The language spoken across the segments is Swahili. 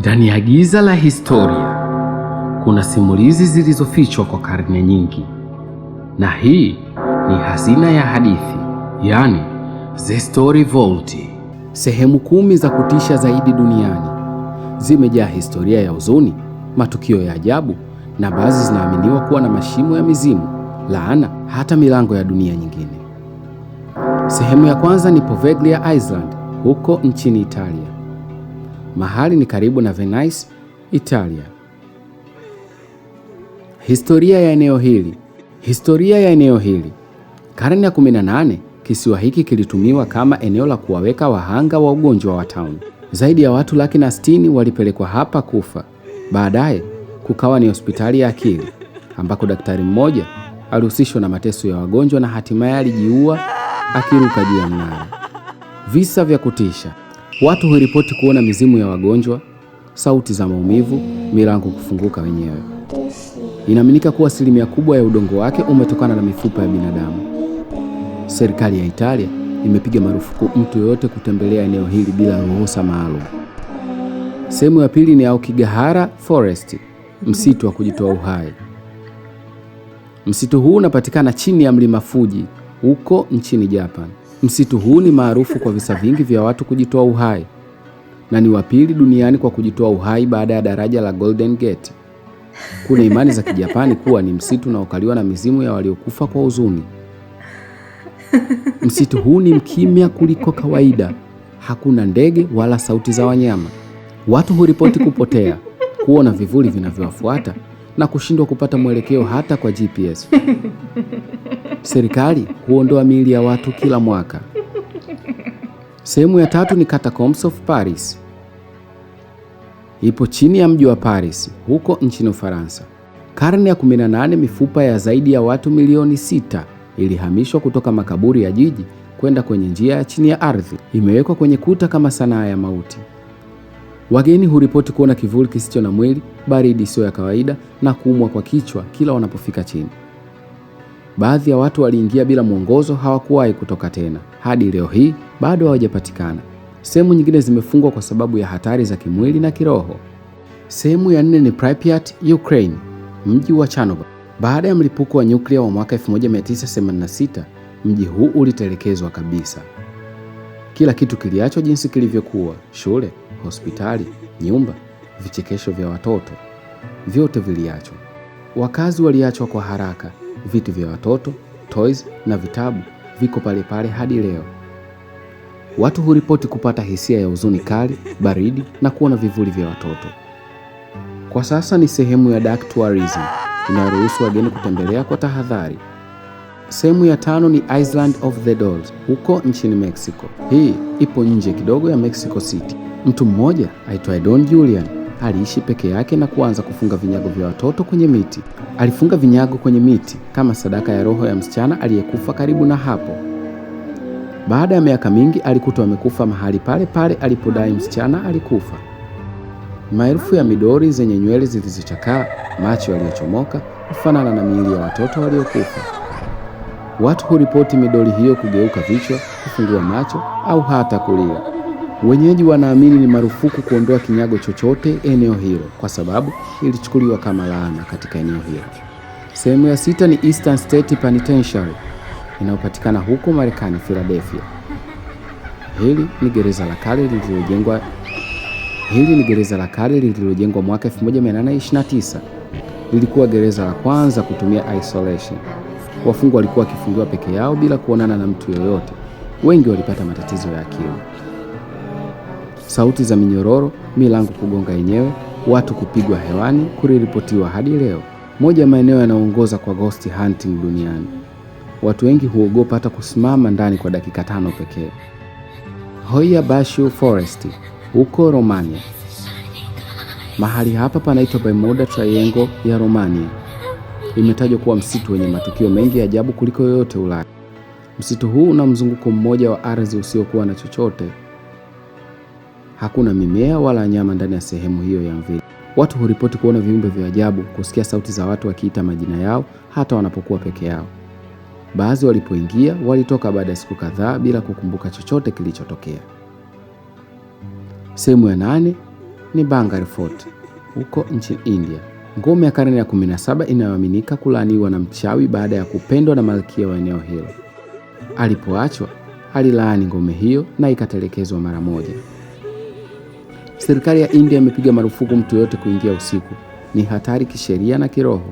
Ndani ya giza la historia kuna simulizi zilizofichwa kwa karne nyingi, na hii ni hazina ya hadithi, yaani The Story Vault. Sehemu kumi za kutisha zaidi duniani zimejaa historia ya huzuni, matukio ya ajabu, na baadhi zinaaminiwa kuwa na mashimo ya mizimu, laana, hata milango ya dunia nyingine. Sehemu ya kwanza ni Poveglia Island huko nchini Italia. Mahali ni karibu na Venice, Italia. Historia ya eneo hili. Historia ya eneo hili. Karne ya 18, kisiwa hiki kilitumiwa kama eneo la kuwaweka wahanga wa ugonjwa wa tauni. Zaidi ya watu laki na sitini walipelekwa hapa kufa. Baadaye kukawa ni hospitali ya akili ambako daktari mmoja alihusishwa na mateso ya wagonjwa na hatimaye alijiua akiruka juu ya mnara. Visa vya kutisha. Watu huripoti kuona mizimu ya wagonjwa, sauti za maumivu, milango kufunguka wenyewe. Inaaminika kuwa asilimia kubwa ya udongo wake umetokana na mifupa ya binadamu. Serikali ya Italia imepiga marufuku mtu yoyote kutembelea eneo hili bila ruhusa maalum. Sehemu ya pili ni Aokigahara Forest, msitu wa kujitoa uhai. Msitu huu unapatikana chini ya mlima Fuji huko nchini Japan. Msitu huu ni maarufu kwa visa vingi vya watu kujitoa uhai na ni wa pili duniani kwa kujitoa uhai baada ya daraja la Golden Gate. Kuna imani za Kijapani kuwa ni msitu unaokaliwa na mizimu ya waliokufa kwa huzuni. Msitu huu ni mkimya kuliko kawaida. Hakuna ndege wala sauti za wanyama. Watu huripoti kupotea, kuona vivuli vinavyowafuata na kushindwa kupata mwelekeo hata kwa GPS. Serikali huondoa miili ya watu kila mwaka. Sehemu ya tatu ni Catacombs of Paris. Ipo chini ya mji wa Paris huko nchini Ufaransa. Karne ya 18, mifupa ya zaidi ya watu milioni sita ilihamishwa kutoka makaburi ya jiji kwenda kwenye njia ya chini ya ardhi, imewekwa kwenye kuta kama sanaa ya mauti. Wageni huripoti kuona kivuli kisicho na mwili, baridi isiyo ya kawaida na kuumwa kwa kichwa kila wanapofika chini. Baadhi ya watu waliingia bila mwongozo, hawakuwahi kutoka tena. Hadi leo hii bado hawajapatikana. Sehemu nyingine zimefungwa kwa sababu ya hatari za kimwili na kiroho. Sehemu ya nne ni Pripyat, Ukraine, mji wa Chernobyl. Baada ya mlipuko wa nyuklia wa mwaka 1986, mji huu ulitelekezwa kabisa. Kila kitu kiliachwa jinsi kilivyokuwa: shule hospitali, nyumba, vichekesho vya watoto, vyote viliachwa. Wakazi waliachwa kwa haraka. Vitu vya watoto, toys na vitabu viko pale pale hadi leo. Watu huripoti kupata hisia ya huzuni kali, baridi na kuona vivuli vya watoto. Kwa sasa ni sehemu ya dark tourism inayoruhusu wageni kutembelea kwa tahadhari. Sehemu ya tano ni Island of the Dolls huko nchini Mexico. Hii ipo nje kidogo ya Mexico City. Mtu mmoja aitwaye Don Julian aliishi peke yake na kuanza kufunga vinyago vya watoto kwenye miti. Alifunga vinyago kwenye miti kama sadaka ya roho ya msichana aliyekufa karibu na hapo. Baada ya miaka mingi alikutwa amekufa mahali pale pale alipodai msichana alikufa. Maelfu ya midori zenye nywele zilizochakaa, macho yaliyochomoka hufanana na miili ya watoto waliokufa. Watu huripoti midori hiyo kugeuka vichwa, kufungua macho au hata kulia. Wenyeji wanaamini ni marufuku kuondoa kinyago chochote eneo hilo kwa sababu ilichukuliwa kama laana katika eneo hilo. Sehemu ya sita ni Eastern State Penitentiary inayopatikana huko Marekani, Philadelphia. Hili ni gereza la kale lililojengwa Hili ni gereza la kale lililojengwa mwaka 1829. Lilikuwa gereza la kwanza kutumia isolation. Wafungwa walikuwa wakifungiwa peke yao bila kuonana na mtu yoyote. Wengi walipata matatizo ya akili sauti za minyororo, milango kugonga yenyewe, watu kupigwa hewani kuliripotiwa hadi leo, moja ya maeneo yanayoongoza kwa ghost hunting duniani. Watu wengi huogopa hata kusimama ndani kwa dakika tano pekee. Hoya Bashu Forest huko Romania. Mahali hapa panaitwa Bermuda Triangle ya Romania. Imetajwa kuwa msitu wenye matukio mengi ya ajabu kuliko yoyote Ulaya. Msitu huu una mzunguko mmoja wa ardhi usiokuwa na chochote Hakuna mimea wala nyama ndani ya sehemu hiyo ya mvili. Watu huripoti kuona viumbe vya ajabu, kusikia sauti za watu wakiita majina yao hata wanapokuwa peke yao. Baadhi walipoingia walitoka baada ya siku kadhaa bila kukumbuka chochote kilichotokea. Sehemu ya nane ni Bangar Fort huko nchini India, ngome ya karne ya 17 inayoaminika kulaaniwa na mchawi baada ya kupendwa na malkia wa eneo hilo. Alipoachwa alilaani ngome hiyo na ikatelekezwa mara moja. Serikali ya India imepiga marufuku mtu yoyote kuingia usiku, ni hatari kisheria na kiroho.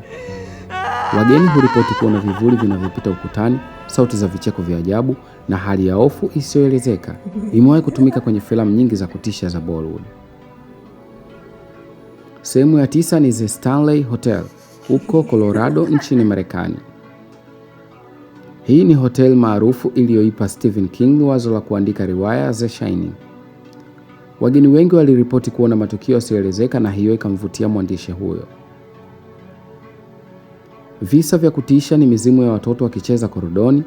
Wageni huripoti kuona vivuli vinavyopita ukutani, sauti za vicheko vya ajabu na hali ya hofu isiyoelezeka. Imewahi kutumika kwenye filamu nyingi za kutisha za Bollywood. Sehemu ya tisa ni The Stanley Hotel huko Colorado nchini Marekani. Hii ni hotel maarufu iliyoipa Stephen King wazo la kuandika riwaya The Shining. Wageni wengi waliripoti kuona matukio yasiyoelezeka na hiyo ikamvutia mwandishi huyo. Visa vya kutisha ni mizimu ya watoto wakicheza korodoni,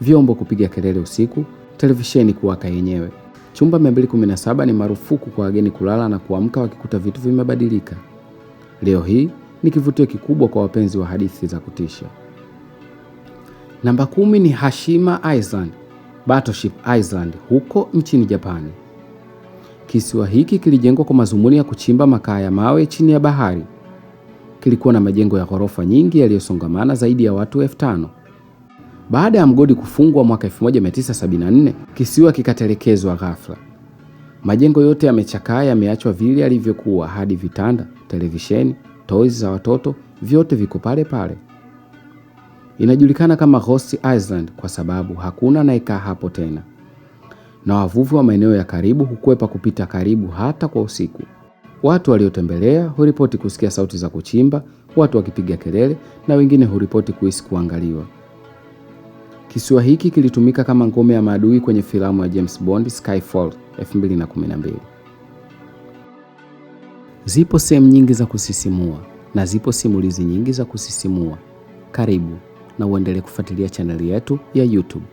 vyombo kupiga kelele usiku, televisheni kuwaka yenyewe. Chumba 217 ni marufuku kwa wageni kulala na kuamka wakikuta vitu vimebadilika. Leo hii ni kivutio kikubwa kwa wapenzi wa hadithi za kutisha. Namba kumi ni Hashima Island, Battleship Island huko nchini Japani. Kisiwa hiki kilijengwa kwa mazumuni ya kuchimba makaa ya mawe chini ya bahari. Kilikuwa na majengo ya ghorofa nyingi yaliyosongamana zaidi ya watu elfu tano. Baada ya mgodi kufungwa mwaka 1974, kisiwa kikatelekezwa ghafla. Majengo yote yamechakaa, yameachwa vile yalivyokuwa, hadi vitanda, televisheni, toys za watoto, vyote viko pale pale. Inajulikana kama Ghost Island kwa sababu hakuna anayekaa hapo tena na wavuvi wa maeneo ya karibu hukwepa kupita karibu hata kwa usiku. Watu waliotembelea huripoti kusikia sauti za kuchimba, watu wakipiga kelele, na wengine huripoti kuhisi kuangaliwa. Kisiwa hiki kilitumika kama ngome ya maadui kwenye filamu ya James Bond Skyfall 2012. Zipo sehemu nyingi za kusisimua na zipo simulizi nyingi za kusisimua. Karibu na uendelee kufuatilia chaneli yetu ya YouTube.